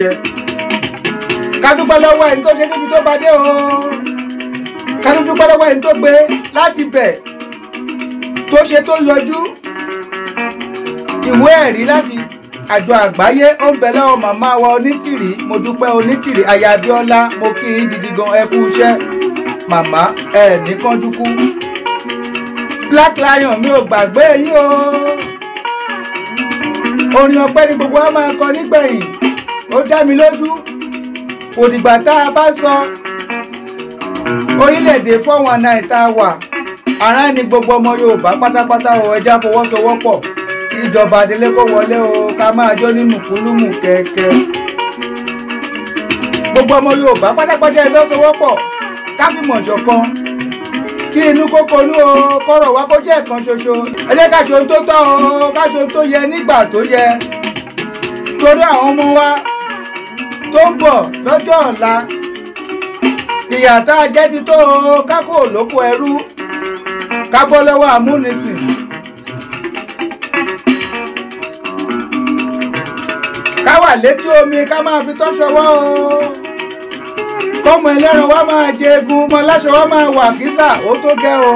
jẹ ká dúpẹ́ lọ́wọ́ ẹni tó ṣe níbi tó bá dé o ká dúpẹ́ lọ́wọ́ ẹni tó gbé láti bẹ̀ tó ṣe tó yọjú ìwé ẹ̀rí láti àjọ àgbáyé ó ń bẹ lọ́wọ́ màmá wa onítìrí mo dúpẹ́ onítìrí aya Abíọ́lá mo kí yín gidi gan ẹ kú iṣẹ́ màmá ẹ ní kánjú Black Lion mi ò gbàgbé yín o orin ọpẹ́ ni gbogbo wa máa kọ nígbẹ̀yìn ó dá mi lójú kò dìgbà tá a bá sọ orílẹ̀-èdè four one nine tá a wà ará ni gbogbo ọmọ Yorùbá pátápátá ọ̀ ẹja fọwọ́sowọ́pọ̀ ìjọba àdélé kó wọlé o ká máa jó ní mùkúlùmù kẹ̀kẹ́ gbogbo ọmọ Yorùbá pátápátá ẹjọ́ fọwọ́pọ̀ ká fi mọ̀jọ̀ kan kí inú kókó inú o kọ́rọ̀ wá kó jẹ́ ẹ̀kan ṣoṣo ẹ ká ṣe ohun tó tọ́ o ká ṣe ohun tó yẹ nígbà tó yẹ torí àwọn ọmọ wa tó ń bọ̀ lọ́jọ́ ọ̀la ìyà tá a jẹ́ ti tó kákò lóko ẹrú ká bọ́ lọ́wọ́ amúnisìn. ká wà létí omi ká máa fi tọ́ṣọwọ́ o kọ́mọ ẹlẹ́ran wa máa jẹ egun ọmọ aláṣọ wa máa wà kísà ó tó gẹ́ o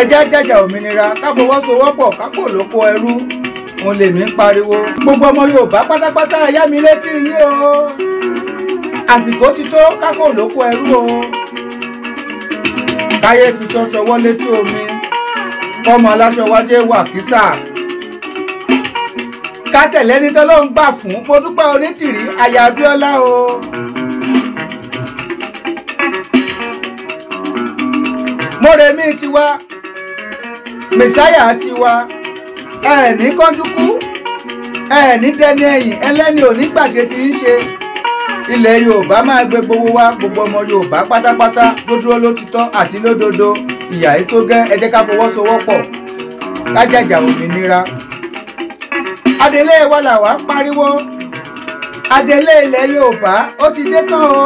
ẹjẹ́ jẹ́jà òmìnira ká fọwọ́sowọ́pọ̀ ká kò lóko ẹrú òun lèmi ń pariwo gbogbo ọmọ Yorùbá pátápátá yá mi létí yìí o àsìkò ti tó kákò lóko ẹrú o káyé fi ṣọṣọ wọlé tí omi ọmọ aláṣọ wájú wà kísà ká tẹ̀lé ní tọ́lọ́run gbà fún mo dúpẹ́ onítìrí aya Abíọ́lá o. mórèmí tiwa mẹsáyà tiwa ẹ̀ẹ́ní kọ́dúkú ẹ̀ẹ́ní dẹni ẹ̀yìn ẹlẹ́ni òní gbàṣẹ ti ń ṣe ilẹ̀ yorùbá máa gbé gbowó wa gbogbo ọmọ yorùbá pátápátá tó dúró lótítọ́ àti lódodo ìyà yìí tó gẹ́ ẹ jẹ́ ká fọwọ́sowọ́pọ̀ lájàjà òmìnira adelé wa là wá pariwo adelé ilẹ̀ yorùbá ó ti dé tán o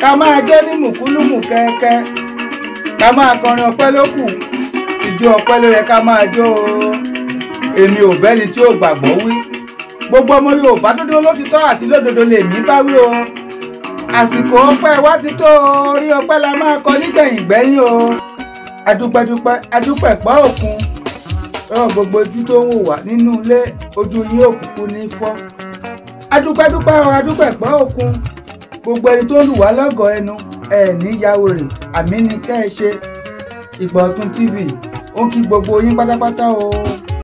ká máa jó ní mùkúlùmù kẹ́kẹ́ ká máa kọrin ọpẹ́ ló kù ijó ọpẹ́ ló yẹ ká máa jó o èmi ò bẹ́ni tí ó gbàgbọ́ wí gbogbo ọmọ Yorùbá tó dúró lótìtọ́ àti lódodo lèmi bá wí o àsìkò ọpẹ́ wa ti tó orí ọpẹ́ la máa kọ nígbẹ̀yìn gbẹ́yìn o adúpẹ́dúpẹ́ adúpẹ̀pẹ́ òkun rọ gbogbo ojú tó ń wò wá nínú ilé ojú yín òkùnkùn ní fọ́ adúpẹ́dúpẹ́ o adúpẹ̀pẹ́ òkun gbogbo ẹni tó lù wá lọ́gọ̀ọ́ ẹnu ẹ̀ níyàwó rẹ̀ àmì ni kẹ́ ẹ ṣe Ìgbọ̀tún TV ó ń kí gbogbo yín pátápátá o.